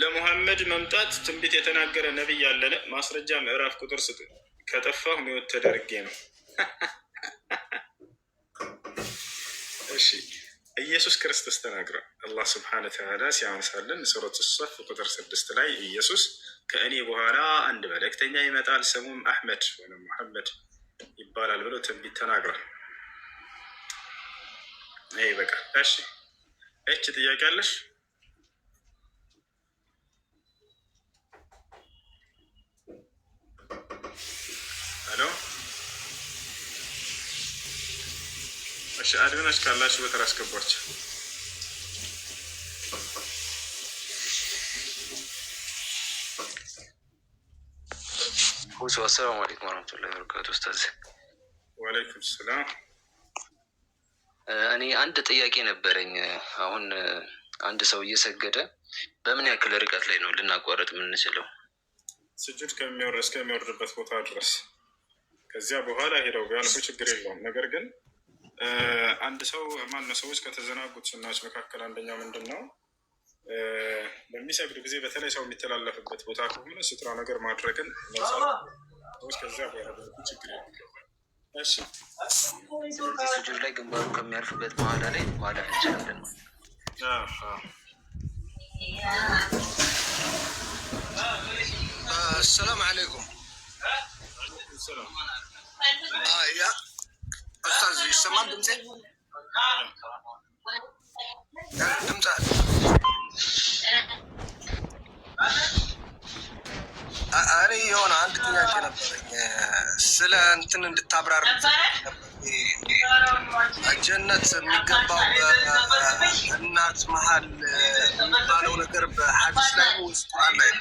ለሙሐመድ መምጣት ትንቢት የተናገረ ነቢይ ያለን ማስረጃ ምዕራፍ ቁጥር ስጥ ከጠፋሁ ሕይወት ተደርጌ ነው። እሺ ኢየሱስ ክርስቶስ ተናግሯል። አላህ ስብሐነ ተዓላ ሲያነሳልን ሱረት ሶፍ ቁጥር ስድስት ላይ ኢየሱስ ከእኔ በኋላ አንድ መልእክተኛ ይመጣል ስሙም አሕመድ ወይም ሙሐመድ ይባላል ብሎ ትንቢት ተናግሯል። ይህ በቃ እሺ። እች ጥያቄ አለሽ? ያለው። እሺ አድሚኖች ካላችሁ በተራ አስገቧቸው። ሁሱ አሰላሙ አለይኩም ወራህመቱላሂ ወበረካቱ። ኡስታዝ ወአለይኩም ሰላም። እኔ አንድ ጥያቄ ነበረኝ። አሁን አንድ ሰው እየሰገደ በምን ያክል ርቀት ላይ ነው ልናቋረጥ የምንችለው? ስጁድ ከሚወርድ እስከሚወርድበት ቦታ ድረስ ከዚያ በኋላ ሄደው ቢያልፉ ችግር የለውም። ነገር ግን አንድ ሰው ማነ ሰዎች ከተዘናጉት ስናዎች መካከል አንደኛው ምንድን ነው? በሚሰግድ ጊዜ በተለይ ሰው የሚተላለፍበት ቦታ ከሆነ ስትራ ነገር ማድረግን ሰዎች ከዚያ በኋላ ችግር የለም። እሺ ስጁድ ላይ ግንባሩ ከሚያርፍበት በኋላ ላይ ማለፍ እንችላለን ነው አሰላሙ አለይኩም እኔ የሆነ አንድ ጥያቄ ነበረኝ ስለ እንትን እንድታብራር ጀነት የሚገባው እናት መሀል የሚባለው ነገር በሀዲስ ላይ ውስጥ ቁርአን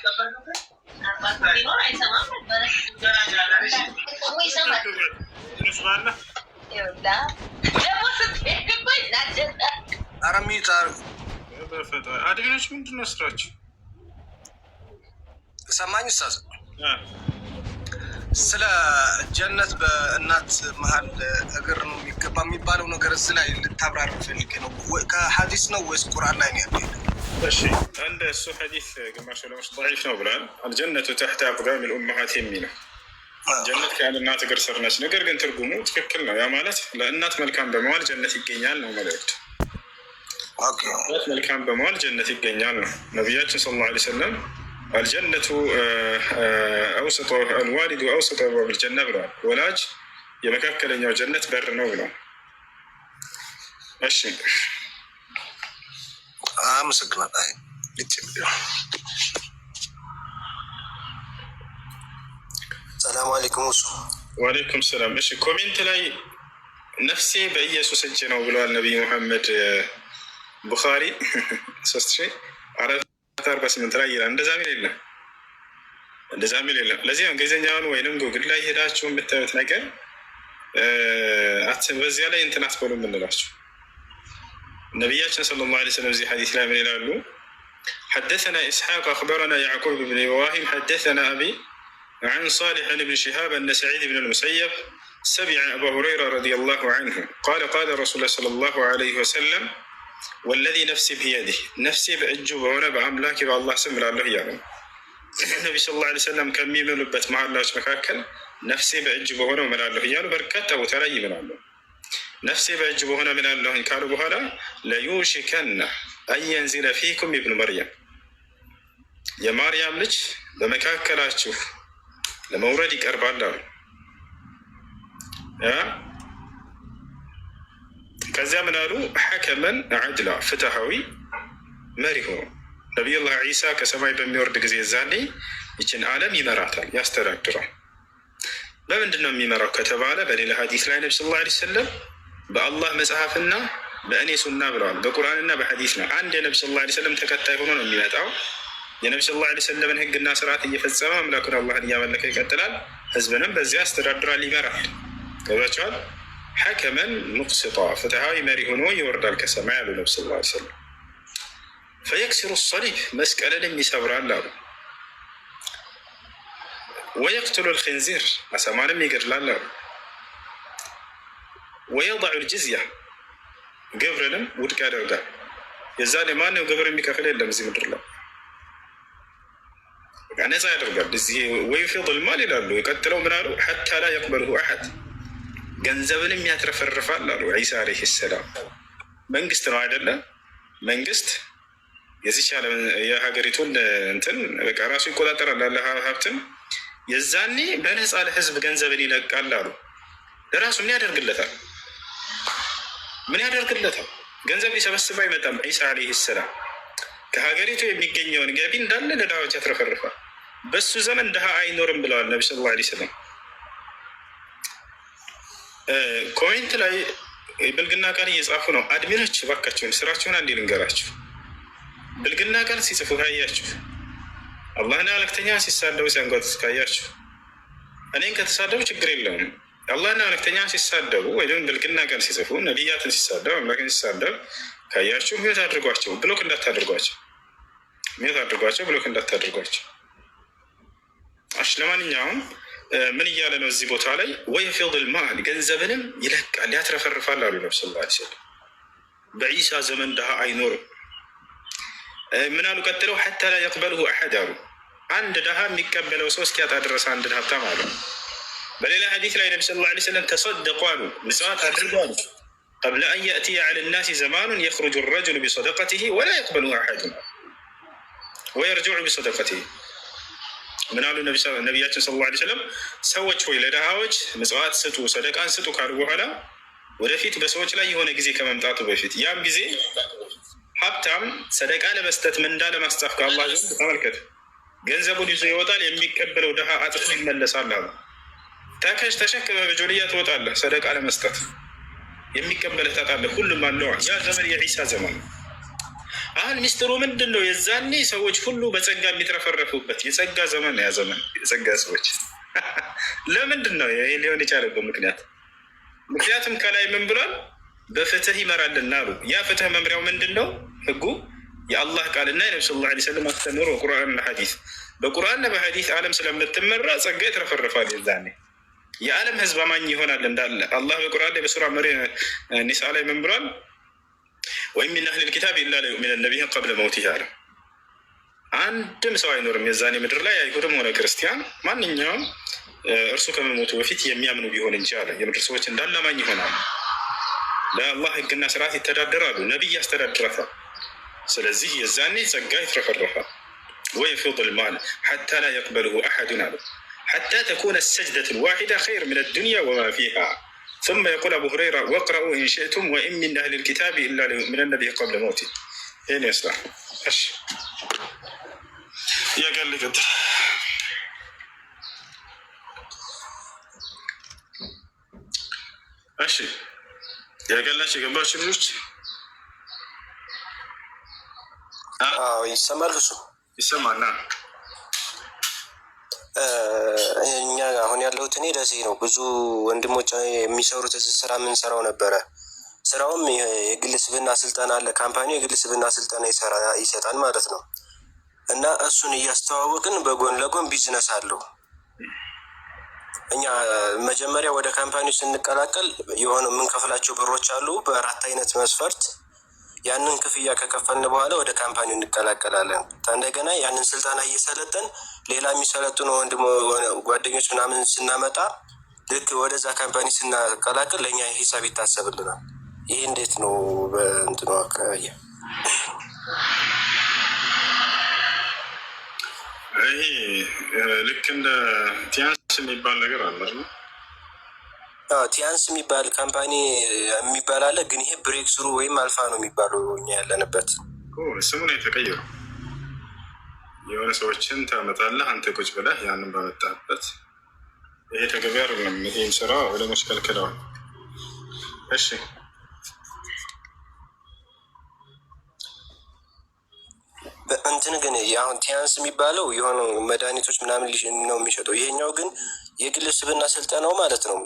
አድግኖች ምንድን ነው ስራቸው? ሰማኝ ውሳዝ ስለ ጀነት በእናት መሀል እግር ነው የሚገባ የሚባለው ነገር እዚህ ላይ ልታብራር ፈልጌ ነው። ከሀዲስ ነው ወይስ ቁርአን ላይ ነው ያለ? እሺ አንድ እሱ ሐዲስ ግማሽ ዑለሞች ضعيف ነው ብለዋል። አልጀነቱ ተሕተ አቅዳሚ ልኡመሀት የሚል ነው። ጀነት ከአንድ እናት እግር ስር ነች። ነገር ግን ትርጉሙ ትክክል ነው። ያ ማለት ለእናት መልካም በመዋል ጀነት ይገኛል ነው መልእክቱ። እናት መልካም በመዋል ጀነት ይገኛል ነው። ነቢያችን ሰለላሁ ዐለይሂ ወሰለም አልጀነቱ አውሰጦ አልዋሊዱ አውሰጦ አብዋቢል ጀነ ብለዋል። ወላጅ የመካከለኛው ጀነት በር ነው ብለዋል። እሺ አመሰግናለሁ። ሰላም አለይኩም። እሱ ዋሌይኩም ሰላም። እሺ ኮሜንት ላይ ነፍሴ በኢየሱስ እጅ ነው ብለዋል ነቢይ ሙሐመድ ቡኻሪ ሶስት ሺ አራት አርባ ስምንት ላይ ይላል። እንደዛ ሚል የለም እንደዛ ሚል የለም። ለዚህ እንግሊዝኛውን ወይንም ጉግል ላይ ሄዳችሁ የምታዩት ነገር በዚያ ላይ እንትን አትበሉ የምንላችሁ ነቢያችን ሰለላሁ ዐለይሂ ወሰለም እዚህ ሐዲስ ላይ ምን ይላሉ? ሐደሰና ኢስሐቅ አኽበረና ያዕቁብ ብን ኢብራሂም ሐደሰና አቢ ዐን ሳሊሕ ብን ሽሃብ አነ ሰዒድ ብን ልሙሰየብ ሰሚዐ አባ ሁረይራ ረዲየላሁ ዐንሁ ቃለ ቃለ ረሱሉ ሰለላሁ ዐለይሂ ወሰለም ወለዚ ነፍሲ ብየዲህ ነፍሴ በእጁ በሆነ በአምላክ በአላህ ስም እላለሁ እያሉ ነቢ ስ ላ ሰለም ከሚምሉበት መሀላዎች መካከል ነፍሴ በእጅ በሆነው እምላለሁ እያሉ በርካታ ቦታ ላይ ይምላሉ። ነፍሴ በእጅ በሆነ ምላለሁኝ ካሉ በኋላ ለዩሽከና አየንዚለ ፊኩም ኢብኑ መርያም የማርያም ልጅ በመካከላችሁ ለመውረድ ይቀርባል አሉ። ከዚያ ምን አሉ? ሐከመን አድላ ፍትሐዊ መሪ ሆኖ ነቢዩላህ ዒሳ ከሰማይ በሚወርድ ጊዜ ዛኔ ይችን ዓለም ይመራታል፣ ያስተዳድራል። በምንድን ነው የሚመራው ከተባለ በሌላ ሀዲስ ላይ ነቢ ስለ ላ ሰለም በአላህ መጽሐፍና በእኔ ሱና ብለዋል። በቁርአንና በሐዲስ ነው። አንድ የነብስ ላ ሰለም ተከታይ ሆኖ ነው የሚመጣው። የነብስ ላ ሰለምን ህግና ስርዓት እየፈጸመ አምላኩን አላህን እያመለከ ይቀጥላል። ህዝብንም በዚያ ያስተዳድራል፣ ይመራል። ገብቷቸዋል። ሐከመን ሙቅስጣ ፍትሃዊ መሪ ሆኖ ይወርዳል ከሰማይ አሉ ነብስ ላ ሰለም። ፈየክሲሩ ሰሊብ መስቀልንም ይሰብራል አሉ። ወየቅትሉ ልክንዚር አሰማንም ይገድላል አሉ ወየባዑል ጅዝያ ግብርንም ውድቅ ያደርጋል። የዛኔ ማንም ግብር የሚከፍል የለም እዚህ ምድር ላይ ነፃ ያደርጋል። እዚህ ወይፊል ማል ይላሉ። የቀጥለው ምን አሉ? ሐታ ላ የቅበልሁ አሐድ ገንዘብንም ያትረፈርፋል አሉ ዒሳ ዓለይሂ ሰላም። መንግስት ነው አይደለ? መንግስት የዚች የሀገሪቱን እንትን በቃ ራሱ ይቆጣጠራል አለ ሀብትን። የዛኔ በነፃ ለህዝብ ገንዘብን ይለቃል አሉ። ለራሱ ምን ያደርግለታል? ምን ያደርግለታል? ገንዘብ ሊሰበስብ አይመጣም። ዒሳ ዓለይሂ ሰላም ከሀገሪቱ የሚገኘውን ገቢ እንዳለ ለድሃዎች ያትረፈርፋል። በሱ ዘመን ድሃ አይኖርም ብለዋል ነቢ ስለ ላ ስለም። ኮሜንት ላይ ብልግና ቃል እየጻፉ ነው አድሚኖች። እባካችሁን ስራችሁን አንዴ ልንገራችሁ። ብልግና ቃል ሲጽፉ ካያችሁ፣ አላህና መልእክተኛ ሲሳደቡ ሲያንጓት ካያችሁ፣ እኔን ከተሳደቡ ችግር የለውም። አላህና መልክተኛን ሲሳደቡ ወይም ብልግና ቀን ሲጽፉ ነቢያትን ሲሳደብ አምላክን ሲሳደብ ካያችሁ ሚት አድርጓቸው፣ ብሎክ እንዳታደርጓቸው። ሚት አድርጓቸው፣ ብሎክ እንዳታደርጓቸው። አሽ ለማንኛውም ምን እያለ ነው እዚህ ቦታ ላይ ወየፊድል ማል ገንዘብንም ይለቃል ያትረፈርፋል አሉ ነብስ ላ ስል በዒሳ ዘመን ድሃ አይኖርም። ምን አሉ ቀጥለው ሐታ ላ የቅበልሁ አሐድ አሉ አንድ ድሃ የሚቀበለው ሰው እስኪያጣ ድረስ አንድ ሀብታም አሉ በሌላ ሀዲስ ላይ ነቢ ስለ ላ ስለም ተሰደቁ አሉ፣ ምጽዋት አድርጉ አሉ። ቀብለ አን የእትየ ዐለ ናሲ ዘማኑን የኽሩጁ ረጅሉ ቢሰደቀትህ ወላ የቅበሉ አሐዱ ወየርጅዑ ቢሰደቀትህ። ምን አሉ ነቢያችን ስለ ላ ስለም? ሰዎች ወይ ለድሃዎች ምጽዋት ስጡ፣ ሰደቃን ስጡ ካሉ በኋላ ወደፊት በሰዎች ላይ የሆነ ጊዜ ከመምጣቱ በፊት ያም ጊዜ ሀብታም ሰደቃ ለመስጠት ምንዳ ለማስጻፍ ከአላህ ዘንድ ተመልከት፣ ገንዘቡን ይዞ ይወጣል፣ የሚቀበለው ድሃ አጥፎ ይመለሳል አሉ። ተከሽ ተሸክመ በጆልያ ትወጣለህ። ሰደቃ ለመስጠት የሚቀበልህ ታጣለህ። ሁሉም አለዋል። ያ ዘመን የዒሳ ዘመን አሁን ሚስጥሩ ምንድን ነው? የዛኔ ሰዎች ሁሉ በጸጋ የሚትረፈረፉበት የጸጋ ዘመን ያ ዘመን የጸጋ ሰዎች። ለምንድን ነው ይሄ ሊሆን የቻለበት ምክንያት? ምክንያቱም ከላይ ምን ብሏል? በፍትህ ይመራልና አሉ። ያ ፍትህ መምሪያው ምንድን ነው? ህጉ የአላህ ቃልና የነብ ስለ ላ ስለም አስተምሮ ቁርአንና ሐዲስ። በቁርአንና በሐዲስ አለም ስለምትመራ ጸጋ ይትረፈረፋል የዛኔ የዓለም ህዝብ አማኝ ይሆናል እንዳለ አላህ በቁርአን ላይ በሱራ መሪ ኒሳ ላይ ምን ብሏል? ወይም ሚን አህሊል ኪታብ ኢላ ለዩእሚነ ነቢይ ቀብለ መውቲህ አለ። አንድም ሰው አይኖርም የዛኔ ምድር ላይ አይሁድም ሆነ ክርስቲያን ማንኛውም እርሱ ከመሞቱ በፊት የሚያምኑ ቢሆን እንጂ አለ የምድር ሰዎች እንዳለ አማኝ ይሆናሉ። ለአላህ ህግና ስርዓት ይተዳደራሉ። ነቢይ ያስተዳድራታል። ስለዚህ የዛኔ ጸጋ ይትረፈረፋል። ወይፊድ ልማል ሐታ ላ የቅበልሁ አሐዱን አለ حتى تكون السجدة الواحدة خير من الدنيا وما فيها ثم يقول أبو هريرة واقرأوا إن شئتم وإن من أهل الكتاب إلا ليؤمنن به قبل موته أين يصلح ماشي يا قال لي قدر أشي يا قال لي قد قبل شنو اه يسمى الفسوق يسمى نعم እኛ አሁን ያለሁት እኔ ደሴ ነው። ብዙ ወንድሞች የሚሰሩት እዚህ ስራ የምንሰራው ነበረ። ስራውም የግል ስብና ስልጠና አለ። ካምፓኒው የግል ስብና ስልጠና ይሰጣል ማለት ነው። እና እሱን እያስተዋወቅን በጎን ለጎን ቢዝነስ አለው። እኛ መጀመሪያ ወደ ካምፓኒው ስንቀላቀል የሆነ የምንከፍላቸው ብሮች አሉ በአራት አይነት መስፈርት ያንን ክፍያ ከከፈልን በኋላ ወደ ካምፓኒው እንቀላቀላለን። እንደገና ያንን ስልጠና እየሰለጠን ሌላ የሚሰለጥኑ ወንድሞ ጓደኞች ምናምን ስናመጣ ልክ ወደዛ ካምፓኒ ስናቀላቅል ለእኛ ሂሳብ ይታሰብልናል። ይህ እንዴት ነው? በእንትኑ አካባቢ ይሄ ልክ እንደ ቲያንስ የሚባል ነገር አለ። ቲያንስ የሚባል ካምፓኒ የሚባል አለ፣ ግን ይሄ ብሬክ ስሩ ወይም አልፋ ነው የሚባለው እኛ ያለንበት ስሙ ነው የተቀየሩ። የሆነ ሰዎችን ታመጣለህ አንተ ቁጭ ብለህ ያንን በመጣበት ይሄ ተገቢ አይደለም። ይህም ስራ ዑለሞች ከልክለዋል። እሺ እንትን ግን አሁን ቲያንስ የሚባለው የሆነ መድኃኒቶች ምናምን ነው የሚሸጠው። ይሄኛው ግን የግል ስብና ስልጠናው ማለት ነው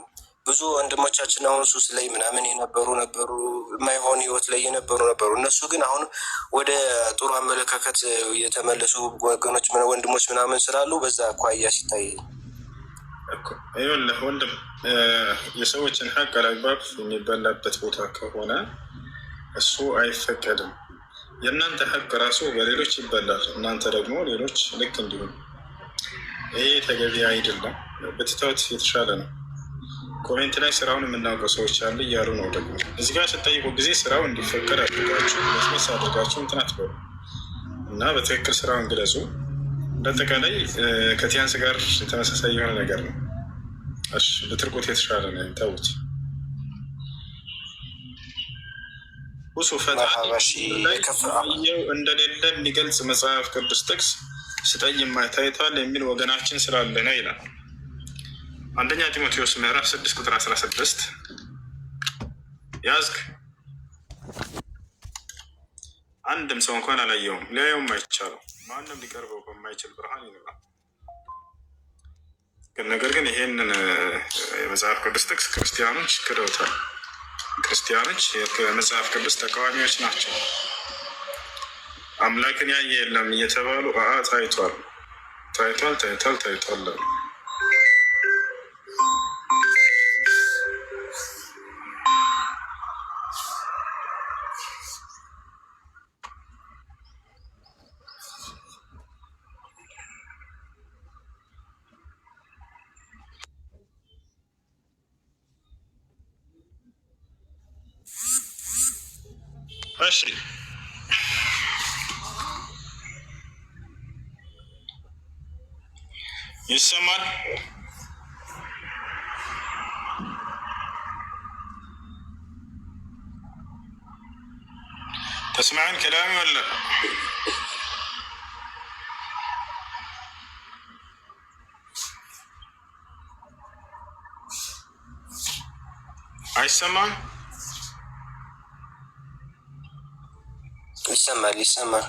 ብዙ ወንድሞቻችን አሁን ሱስ ላይ ምናምን የነበሩ ነበሩ፣ የማይሆን ህይወት ላይ የነበሩ ነበሩ። እነሱ ግን አሁን ወደ ጥሩ አመለካከት የተመለሱ ወገኖች ወንድሞች ምናምን ስላሉ በዛ አኳያ ሲታይ ይኸውልህ ወንድም የሰዎችን ሀቅ አላግባብ የሚበላበት ቦታ ከሆነ እሱ አይፈቀድም። የእናንተ ሀቅ ራሱ በሌሎች ይበላል፣ እናንተ ደግሞ ሌሎች ልክ እንዲሁም። ይሄ ተገቢ አይደለም። ብትተውት የተሻለ ነው። ኮሜንት ላይ ስራውን የምናውቀው ሰዎች አለ እያሉ ነው። ደግሞ እዚህ ጋር ስጠይቁ ጊዜ ስራው እንዲፈቀድ አድርጋችሁ መስመስ አድርጋችሁ እንትን አትበሉ እና በትክክል ስራውን ግለጹ። እንዳጠቃላይ ከቲያንስ ጋር የተመሳሳይ የሆነ ነገር ነው። እሺ ብትርቁት የተሻለ ነው። ተውት ውሱ እንደሌለ የሚገልጽ መጽሐፍ ቅዱስ ጥቅስ ስጠይ ማይታይቷል የሚል ወገናችን ስላለ ነው ይላል። አንደኛ ጢሞቴዎስ ምዕራፍ ስድስት ቁጥር አስራ ስድስት ያዝግ አንድም ሰው እንኳን አላየውም ሊያየውም አይቻለው ማንም ሊቀርበው በማይችል ብርሃን ይኖራል። ነገር ግን ይሄንን የመጽሐፍ ቅዱስ ጥቅስ ክርስቲያኖች ክደውታል። ክርስቲያኖች የመጽሐፍ ቅዱስ ተቃዋሚዎች ናቸው። አምላክን ያየ የለም እየተባሉ አአ ታይቷል፣ ታይቷል፣ ታይቷል፣ ታይቷል እሺ يسمر تسمعين كلامي ولا አይሰማም? sama li sama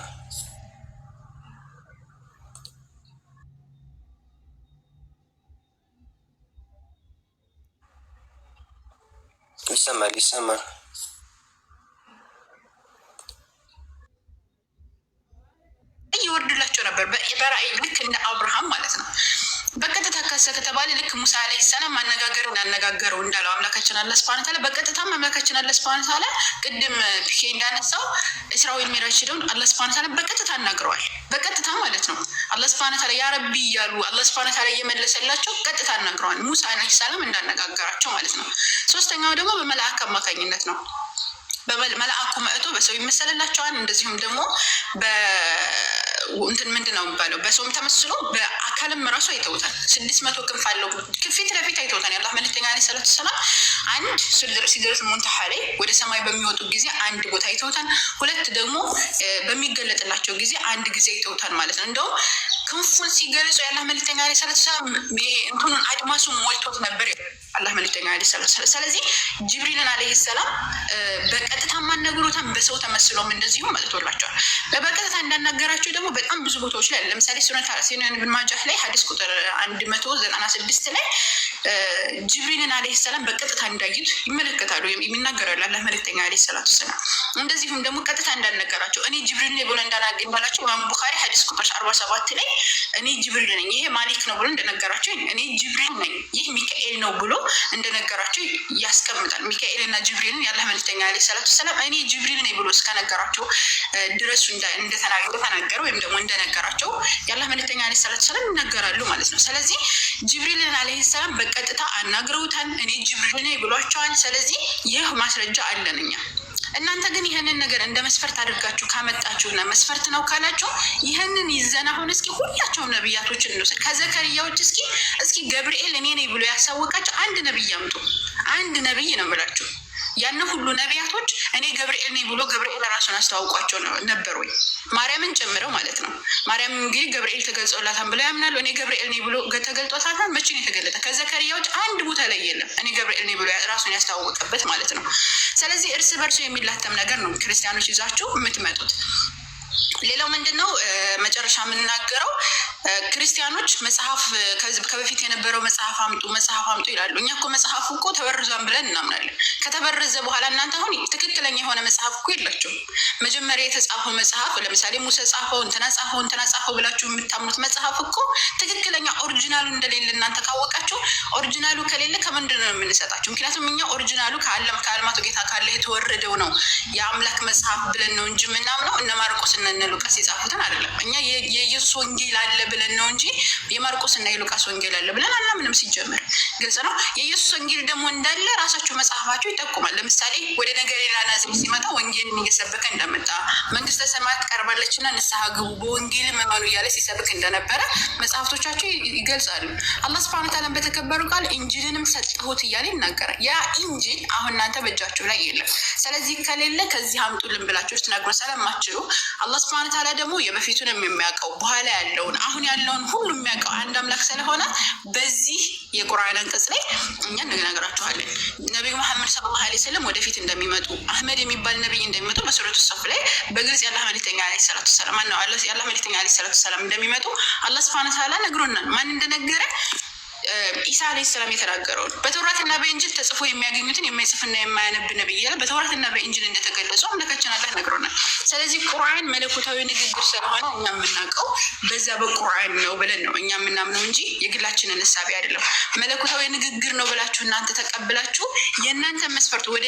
li sama li sama ተነሰ ከተባለ ልክ ሙሳ ላይ ሰላም ማነጋገሩን ያነጋገረው እንዳለው አምላካችን አለ ስብሃነ ተዓላ በቀጥታም አምላካችን አለ ስብሃነ ተዓላ ቅድም ፒኬ እንዳነሳው እስራኤል ሚራጅ ሄደውን አላ ስብሃነ ተዓላ በቀጥታ አናግረዋል። በቀጥታ ማለት ነው። አላ ስብሃነ ተዓላ ያ ረቢ እያሉ አላ ስብሃነ ተዓላ እየመለሰላቸው ቀጥታ አናግረዋል። ሙሳ ላይ ሰላም እንዳነጋገራቸው ማለት ነው። ሶስተኛው ደግሞ በመልአክ አማካኝነት ነው። መልአኩ መጥቶ በሰው ይመሰልላቸዋል። እንደዚሁም ደግሞ እንትን ምንድን ነው የሚባለው በሰውም ተመስሎ በአካልም ራሱ አይተውታል። ስድስት መቶ ክንፍ አለው ፊት ለፊት አይተውታል። ያላ መልክተኛ ላ ሰላት ሰላም አንድ ሲደርስ ሙንተሓ ላይ ወደ ሰማይ በሚወጡ ጊዜ አንድ ቦታ አይተውታል። ሁለት ደግሞ በሚገለጥላቸው ጊዜ አንድ ጊዜ አይተውታል ማለት ነው። እንደውም ክንፉን ሲገልጹ ያላ መልክተኛ ላ ሰላት ሰላም እንትኑን አድማሱን ሞልቶት ነበር አላህ መልክተኛ ለ ስለዚህ ጅብሪልን አለይሂ ሰላም በቀጥታ ማነግሮታን በሰው ተመስሎም እንደዚሁም መጥቶላቸዋል። ያናገራቸው ደግሞ በጣም ብዙ ቦታዎች ላይ ለምሳሌ ሱነት ብን ማጃህ ላይ ሀዲስ ቁጥር አንድ መቶ ዘጠና ስድስት ላይ ጅብሪልን አለ ሰላም በቀጥታ እንዳዩት ይመለከታሉ፣ ይናገራሉ አላህ መልእክተኛ አለ ሰላቱ ሰላም። እንደዚሁም ደግሞ ቀጥታ እንዳልነገራቸው እኔ ጅብሪል ነኝ ብሎ እንዳናገኝ ባላቸው ኢማም ቡኻሪ ሀዲስ ቁጥር አርባ ሰባት ላይ እኔ ጅብሪል ነኝ ይሄ ማሊክ ነው ብሎ እንደነገራቸው እኔ ጅብሪል ነኝ ይህ ሚካኤል ነው ብሎ እንደነገራቸው ያስቀምጣል። ሚካኤልና ጅብሪልን ያለ መልእክተኛ አለ ሰላቱ ሰላም እኔ ጅብሪል ነኝ ብሎ እስከነገራቸው ድረሱ እንደተናገረ ወይም ደግሞ እንደነገራቸው ያለ መልእክተኛ አለ ሰላቱ ሰላም ይናገራሉ ማለት ነው። ስለዚህ ጅብሪልን አለ ሰላም በቀጥታ አናግረውታል። እኔ ጅብሪል ነኝ ብሏቸዋል። ስለዚህ ይህ ማስረጃ አለን እኛ። እናንተ ግን ይህንን ነገር እንደ መስፈርት አድርጋችሁ ካመጣችሁና መስፈርት ነው ካላችሁ ይህንን ይዘን አሁን እስኪ ሁላቸውም ነብያቶችን እንውሰድ። ከዘከርያዎች እስኪ እስኪ ገብርኤል እኔ ነኝ ብሎ ያሳወቃቸው አንድ ነብይ አምጡ። አንድ ነብይ ነው ብላችሁ ያን ሁሉ ነቢያቶች እኔ ገብርኤል ነኝ ብሎ ገብርኤል ራሱን አስተዋውቋቸው ነበር ወይ ማርያምን ጨምረው ማለት ነው። ማርያም እንግዲህ ገብርኤል ተገልጾላታን ብለው ያምናሉ። እኔ ገብርኤል ነኝ ብሎ ተገልጦታታን መቼ ነው የተገለጠ? ከዘከርያ ውጭ አንድ ቦታ ላይ የለም እኔ ገብርኤል ነኝ ብሎ ራሱን ያስተዋወቀበት ማለት ነው። ስለዚህ እርስ በርሱ የሚላተም ነገር ነው ክርስቲያኖች ይዛችሁ የምትመጡት ሌላው ምንድን ነው መጨረሻ የምናገረው ክርስቲያኖች መጽሐፍ ከበፊት የነበረው መጽሐፍ አምጡ መጽሐፍ አምጡ ይላሉ። እኛ እኮ መጽሐፉ እኮ ተበርዟን ብለን እናምናለን። ከተበረዘ በኋላ እናንተ አሁን ትክክለኛ የሆነ መጽሐፍ እኮ የላቸው መጀመሪያ የተጻፈው መጽሐፍ ለምሳሌ ሙሴ ጻፈው፣ እንትና ጻፈው፣ እንትና ጻፈው ብላችሁ የምታምኑት መጽሐፍ እኮ ትክክለኛ ኦሪጂናሉ እንደሌለ እናንተ ካወቃችሁ፣ ኦሪጂናሉ ከሌለ ከምንድን ነው የምንሰጣቸው? ምክንያቱም እኛ ኦሪጂናሉ ከአልማቶ ጌታ ካለ የተወረደው ነው የአምላክ መጽሐፍ ብለን ነው እንጂ ምናምነው እነ ማርቆስ እነ የሉቃስ የጻፉትን አይደለም። እኛ የኢየሱስ ወንጌል አለ ብለን ነው እንጂ የማርቆስ እና የሉቃስ ወንጌል አለ ብለን አናምንም። ሲጀመር ግልጽ ነው። የኢየሱስ ወንጌል ደግሞ እንዳለ ራሳቸው መጽሐፋቸው ይጠቁማል። ለምሳሌ ወደ ነገር ሌላ ናዝሬት ሲመጣ ወንጌልን እየሰበከ እንደመጣ መንግስተ ሰማያት ቀርባለችና ንስሐ ግቡ በወንጌል መመኑ እያለ ሲሰብክ እንደነበረ መጽሐፍቶቻቸው ይገልጻሉ። አላህ ስብሐነ ተዓላ በተከበሩ ቃል እንጅልንም ሰጥሁት እያለ ይናገራል። ያ እንጅል አሁን እናንተ በእጃችሁ ላይ የለም። ስለዚህ ከሌለ ከዚህ አምጡልን ብላችሁ ውስጥ ነግሮ ስለማችሉ አላህ ስብሃነ ተዓላ ደግሞ የበፊቱንም የሚያውቀው በኋላ ያለውን አሁን ያለውን ሁሉ የሚያውቀው አንድ አምላክ ስለሆነ በዚህ የቁርአን አንቀጽ ላይ እኛ እንነግራችኋለን። ነቢዩ መሐመድ ሰለላሁ ዐለይሂ ወሰለም ወደፊት እንደሚመጡ አህመድ የሚባል ነቢይ እንደሚመጡ በሱረቱ ሶፍ ላይ በግልጽ የአላህ መልክተኛ ዐለይሂ ሰላቱ ሰላም ማነው የአላህ መልክተኛ ዐለይሂ ሰላቱ ሰላም እንደሚመጡ አላህ ስብሃነ ተዓላ ነግሮናል። ማን እንደነገረ ኢሳ አለይሂ ሰላም የተናገረው በተውራትና በእንጅል ተጽፎ የሚያገኙትን የማይጽፍና የማያነብ ነብይ ይላል። በተውራትና በእንጅል እንደተገለጹ አምላካችን አላህ ነግሮናል። ስለዚህ ቁርአን መለኮታዊ ንግግር ስለሆነ እኛ የምናውቀው በዛ በቁርአን ነው ብለን ነው እኛ የምናምነው እንጂ የግላችንን እሳቤ አይደለም። መለኮታዊ ንግግር ነው ብላችሁ እናንተ ተቀብላችሁ የእናንተ መስፈርት ወደ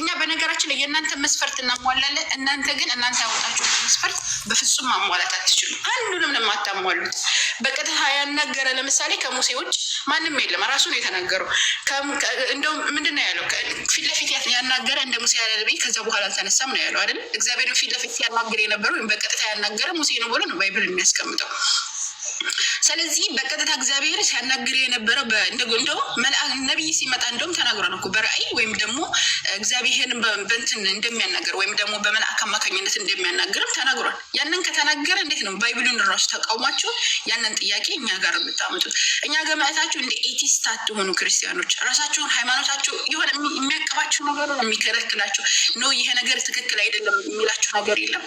እኛ በነገራችን ላይ የእናንተ መስፈርት እናሟላለን። እናንተ ግን እናንተ ያወጣችሁ መስፈርት በፍጹም ማሟላት አትችሉ። አንዱንም ለማታሟሉት በቀጥታ ያናገረ ለምሳሌ ከሙሴዎች ማንም የለም። ራሱ ነው የተናገረው። እንደውም ምንድን ነው ያለው? ፊት ለፊት ያናገረ እንደ ሙሴ ያለ ነቢይ ከዛ በኋላ አልተነሳም ነው ያለው አይደለ? እግዚአብሔር ፊት ለፊት ሲያናግር የነበረው ወይም በቀጥታ ያናገረ ሙሴ ነው ብሎ ነው ባይብል የሚያስቀምጠው። ስለዚህ በቀጥታ እግዚአብሔር ሲያናግር የነበረው እንደው ነቢይ ሲመጣ እንደውም ተናግሯል ነው በራእይ ወይም ደግሞ እግዚአብሔርን በንትን እንደሚያናገር ወይም ደግሞ በመልአክ አማካኝነት እንደሚያናግርም ተናግሯል። ያንን ከተናገረ እንዴት ነው ባይብሉን ራሱ ተቃውሟችሁ ያንን ጥያቄ እኛ ጋር የምታመጡት? እኛ ጋር መጥታችሁ እንደ ኤቲስት አትሆኑ ክርስቲያኖች። ራሳችሁን ሃይማኖታችሁ የሆነ የሚያቀባችሁ ነገር የሚከለክላችሁ ኖ ይሄ ነገር ትክክል አይደለም የሚላችሁ ነገር የለም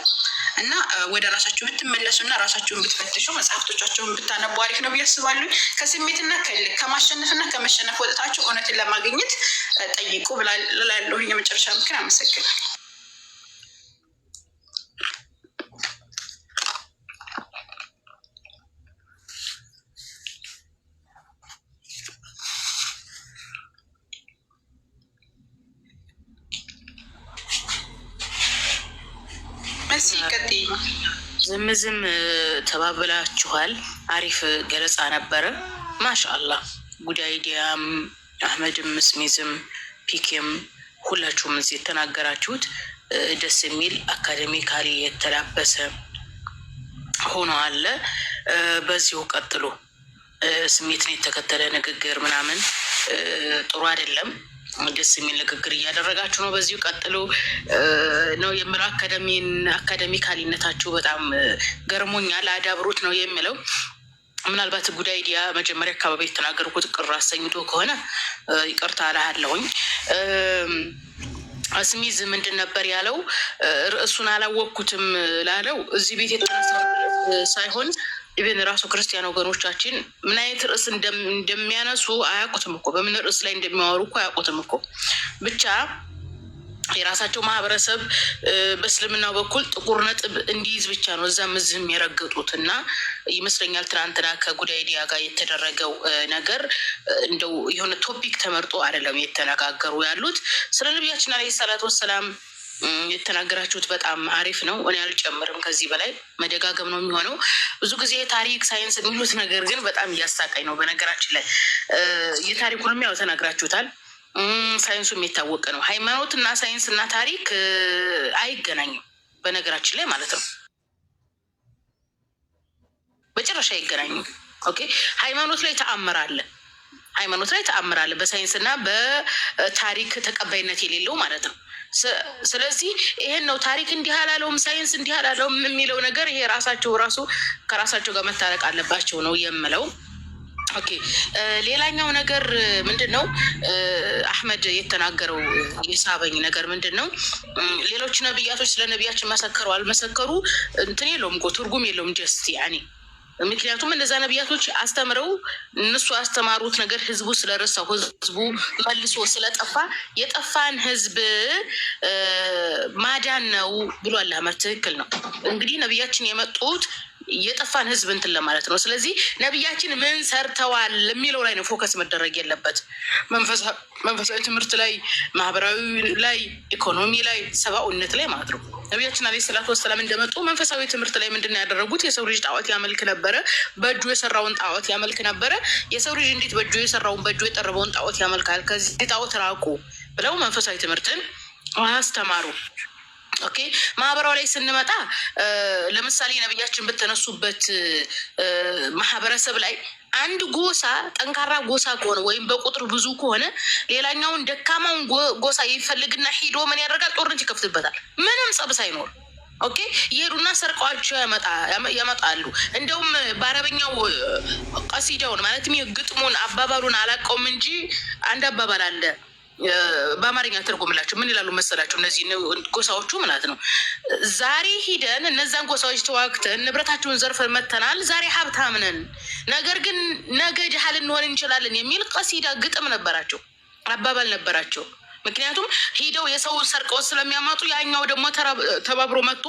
እና ወደ ራሳችሁ ብትመለሱና ራሳችሁን ብትፈትሹ መጽሐፍቶቻቸው ሁለታቸውን ብታነቡ አሪፍ ነው ብዬ አስባለሁ። ከስሜትና ከልክ ከማሸነፍና ከመሸነፍ ወጥታቸው እውነትን ለማግኘት ጠይቁ ብላለሁ። የመጨረሻ ምክን አመሰግናል። ዝም ዝም ተባብላችኋል። አሪፍ ገለጻ ነበረ። ማሻአላህ ጉዳይዲያም አህመድም ምስሚዝም ፒኬም ሁላችሁም እዚህ የተናገራችሁት ደስ የሚል አካዴሚካሊ የተላበሰ ሆኖ አለ። በዚሁ ቀጥሎ ስሜትን የተከተለ ንግግር ምናምን ጥሩ አይደለም። ደስ የሚል ንግግር እያደረጋችሁ ነው። በዚሁ ቀጥሎ ነው የምለው። አካደሚን አካደሚካሊነታችሁ በጣም ገርሞኛል። አዳብሩት ነው የምለው። ምናልባት ጉዳይ ዲያ መጀመሪያ አካባቢ የተናገርኩት ቅር አሰኝቶ ከሆነ ይቅርታ እልሃለሁኝ። ስሚዝ ምንድን ነበር ያለው? ርዕሱን አላወቅኩትም ላለው እዚህ ቤት የተነሳ ሳይሆን ኢቨን ራሱ ክርስቲያን ወገኖቻችን ምን አይነት ርዕስ እንደሚያነሱ አያውቁትም እኮ በምን ርዕስ ላይ እንደሚያወሩ እኮ አያውቁትም እኮ ብቻ የራሳቸው ማህበረሰብ በእስልምናው በኩል ጥቁር ነጥብ እንዲይዝ ብቻ ነው እዛም እዚህም የረገጡት እና ይመስለኛል ትናንትና ከጉዳይ ዲያ ጋር የተደረገው ነገር እንደው የሆነ ቶፒክ ተመርጦ አይደለም የተነጋገሩ ያሉት ስለ ነቢያችን አለይሂ ሰላቱ ወሰላም የተናገራችሁት በጣም አሪፍ ነው። እኔ አልጨምርም ከዚህ በላይ መደጋገም ነው የሚሆነው። ብዙ ጊዜ የታሪክ ሳይንስ የሚሉት ነገር ግን በጣም እያሳቀኝ ነው። በነገራችን ላይ የታሪኩንም ያው ተናግራችሁታል። ሳይንሱም የታወቀ ነው። ሃይማኖት እና ሳይንስ እና ታሪክ አይገናኝም በነገራችን ላይ ማለት ነው። በጭራሽ አይገናኝም። ኦኬ ሃይማኖት ላይ ተአምር አለ ሃይማኖት ላይ ተአምር አለ። በሳይንስ እና በታሪክ ተቀባይነት የሌለው ማለት ነው። ስለዚህ ይሄን ነው ታሪክ እንዲህ አላለውም ሳይንስ እንዲህ አላለውም የሚለው ነገር ይሄ ራሳቸው ራሱ ከራሳቸው ጋር መታረቅ አለባቸው ነው የምለው። ኦኬ ሌላኛው ነገር ምንድን ነው? አህመድ የተናገረው የሳበኝ ነገር ምንድን ነው? ሌሎች ነብያቶች ስለ ነቢያችን መሰከሩ አልመሰከሩ እንትን የለውም እኮ ትርጉም የለውም ጀስት ያኔ ምክንያቱም እነዛ ነቢያቶች አስተምረው እነሱ ያስተማሩት ነገር ህዝቡ ስለረሳው ህዝቡ መልሶ ስለጠፋ የጠፋን ህዝብ ማዳን ነው ብሎ አላመር ትክክል ነው። እንግዲህ ነቢያችን የመጡት የጠፋን ህዝብ እንትን ለማለት ነው። ስለዚህ ነቢያችን ምን ሰርተዋል የሚለው ላይ ነው ፎከስ መደረግ የለበት። መንፈሳዊ ትምህርት ላይ፣ ማህበራዊ ላይ፣ ኢኮኖሚ ላይ፣ ሰብአዊነት ላይ ማለት ነው። ነቢያችን አለ ሰላቱ ወሰላም እንደመጡ መንፈሳዊ ትምህርት ላይ ምንድን ነው ያደረጉት? የሰው ልጅ ጣዖት ያመልክ ነበረ። በእጁ የሰራውን ጣዖት ያመልክ ነበረ። የሰው ልጅ እንዴት በእጁ የሰራውን በእጁ የጠረበውን ጣዖት ያመልካል? ከዚህ ጣዖት ራቁ ብለው መንፈሳዊ ትምህርትን አስተማሩ። ኦኬ ማህበራዊ ላይ ስንመጣ ለምሳሌ ነብያችን በተነሱበት ማህበረሰብ ላይ አንድ ጎሳ ጠንካራ ጎሳ ከሆነ ወይም በቁጥር ብዙ ከሆነ ሌላኛውን ደካማውን ጎሳ ይፈልግና ሂዶ ምን ያደርጋል? ጦርነት ይከፍትበታል። ምንም ጸብ ሳይኖር ኦኬ ይሄዱና ሰርቀዋቸው ያመጣሉ። እንደውም በአረበኛው ቀሲዳውን ማለትም የግጥሙን አባባሉን አላውቀውም እንጂ አንድ አባባል አለ በአማርኛ ላቸው ምን ይላሉ መሰላቸው? እነዚህ ጎሳዎቹ ማለት ነው ዛሬ ሂደን እነዛን ጎሳዎች ተዋግተን ንብረታቸውን ዘርፈን መተናል። ዛሬ ሀብታም ነን፣ ነገር ግን ነገ ድሃ ልንሆን እንችላለን የሚል ቀሲዳ ግጥም ነበራቸው፣ አባባል ነበራቸው። ምክንያቱም ሂደው የሰው ሰርቀው ስለሚያመጡ ያኛው ደግሞ ተባብሮ መጥቶ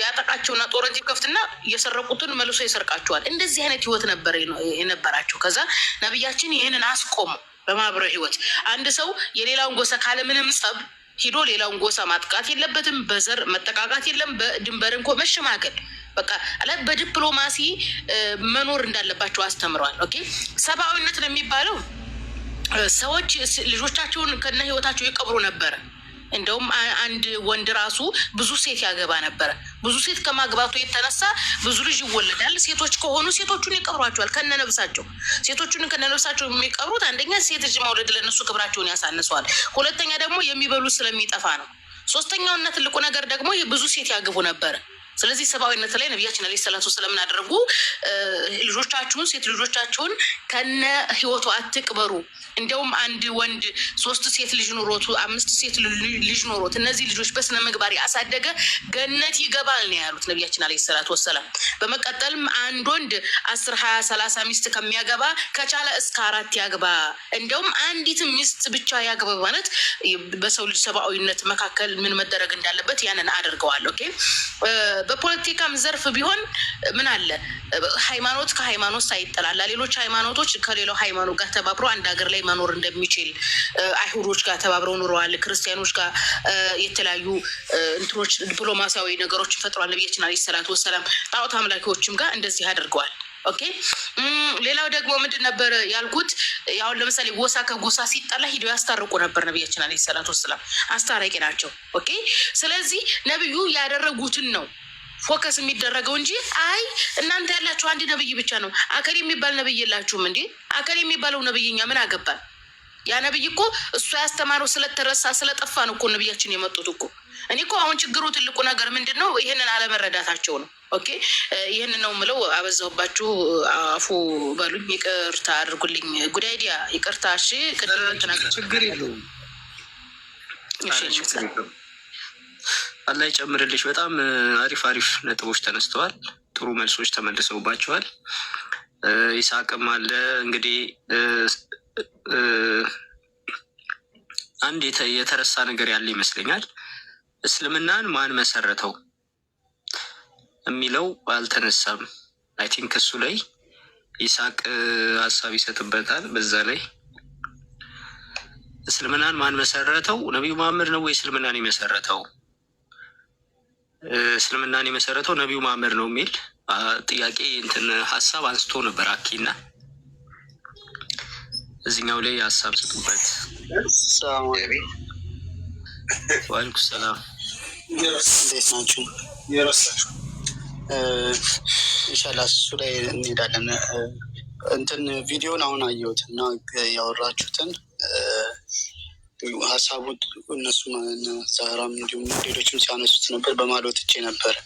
ያጠቃቸውና ጦርነት ይከፍትና የሰረቁትን መልሶ ይሰርቃቸዋል። እንደዚህ አይነት ህይወት ነበር የነበራቸው። ከዛ ነቢያችን ይህንን አስቆሙ። በማህበራዊ ህይወት አንድ ሰው የሌላውን ጎሳ ካለምንም ጸብ ሂዶ ሌላውን ጎሳ ማጥቃት የለበትም። በዘር መጠቃቃት የለም። በድንበር እንኮ መሸማገል በቃ በዲፕሎማሲ መኖር እንዳለባቸው አስተምረዋል። ኦኬ ሰብአዊነት ነው የሚባለው ሰዎች ልጆቻቸውን ከነ ህይወታቸው ይቀብሩ ነበረ። እንደውም አንድ ወንድ ራሱ ብዙ ሴት ያገባ ነበረ። ብዙ ሴት ከማግባቱ የተነሳ ብዙ ልጅ ይወለዳል። ሴቶች ከሆኑ ሴቶቹን ይቀብሯቸዋል ከነነብሳቸው። ሴቶቹን ከነነብሳቸው የሚቀብሩት አንደኛ ሴት ልጅ መውለድ ለእነሱ ክብራቸውን ያሳንሰዋል፣ ሁለተኛ ደግሞ የሚበሉ ስለሚጠፋ ነው። ሶስተኛውና ትልቁ ነገር ደግሞ ብዙ ሴት ያግቡ ነበረ። ስለዚህ ሰብአዊነት ላይ ነቢያችን አለ ሰላቱ ስለምን ልጆቻችሁን ሴት ልጆቻችሁን ከነ ህይወቱ አትቅበሩ። እንዲያውም አንድ ወንድ ሶስት ሴት ልጅ ኖሮቱ አምስት ሴት ልጅ ኖሮት እነዚህ ልጆች በስነ ምግባር ያሳደገ ገነት ይገባል ነው ያሉት ነቢያችን አለ ሰላት ወሰላም። በመቀጠልም አንድ ወንድ አስር ሀያ ሰላሳ ሚስት ከሚያገባ ከቻለ እስከ አራት ያግባ። እንዲያውም አንዲት ሚስት ብቻ ያግባ ማለት በሰው ልጅ ሰብአዊነት መካከል ምን መደረግ እንዳለበት ያንን አድርገዋል። ኦኬ በፖለቲካም ዘርፍ ቢሆን ምን አለ ሃይማኖት ሃይማኖት ሳይጠላላ ሌሎች ሃይማኖቶች ከሌላው ሃይማኖት ጋር ተባብሮ አንድ ሀገር ላይ መኖር እንደሚችል አይሁዶች ጋር ተባብረው ኑረዋል። ክርስቲያኖች ጋር የተለያዩ እንትኖች ዲፕሎማሲያዊ ነገሮች ፈጥሯል። ነቢያችን አለ ሰላት ወሰላም ጣዖት አምላኪዎችም ጋር እንደዚህ አድርገዋል። ኦኬ ሌላው ደግሞ ምንድን ነበር ያልኩት? ያሁን ለምሳሌ ጎሳ ከጎሳ ሲጠላ ሂደው ያስታርቁ ነበር ነቢያችን አለ ሰላት ወሰላም አስታራቂ ናቸው። ኦኬ ስለዚህ ነቢዩ ያደረጉትን ነው ፎከስ የሚደረገው እንጂ አይ እናንተ ያላችሁ አንድ ነብይ ብቻ ነው። አከል የሚባል ነብይ የላችሁም እንዴ? አከል የሚባለው ነብይኛ ምን አገባል? ያ ነብይ እኮ እሱ ያስተማረው ስለተረሳ ስለጠፋ ነው እኮ ነብያችን የመጡት እኮ። እኔ እኮ አሁን ችግሩ ትልቁ ነገር ምንድን ነው? ይህንን አለመረዳታቸው ነው። ኦኬ ይህን ነው ምለው። አበዛሁባችሁ፣ አፉ በሉኝ፣ ይቅርታ አድርጉልኝ። ጉዳይዲያ ይቅርታ። እሺ ቅድም ችግር የለውም አላህ ይጨምርልሽ። በጣም አሪፍ አሪፍ ነጥቦች ተነስተዋል። ጥሩ መልሶች ተመልሰውባቸዋል። ይሳቅም አለ እንግዲህ አንድ የተረሳ ነገር ያለ ይመስለኛል። እስልምናን ማን መሰረተው የሚለው አልተነሳም። አይ ቲንክ እሱ ላይ ይሳቅ ሀሳብ ይሰጥበታል። በዛ ላይ እስልምናን ማን መሰረተው? ነቢዩ መሐመድ ነው ወይ እስልምናን የመሰረተው እስልምናን የመሰረተው ነቢዩ ማመር ነው የሚል ጥያቄ እንትን ሀሳብ አንስቶ ነበር አኪና እዚህኛው ላይ ሀሳብ ስጡበት። ዋአለይኩም ሰላም እንዴት ናችሁ? ኢንሻላህ እሱ ላይ እንሄዳለን። እንትን ቪዲዮን አሁን አየሁት እና ያወራችሁትን ሀሳቡ እነሱ ዛራም እንዲሁም ሌሎችም ሲያነሱት ነበር። በማለት ትቼ ነበር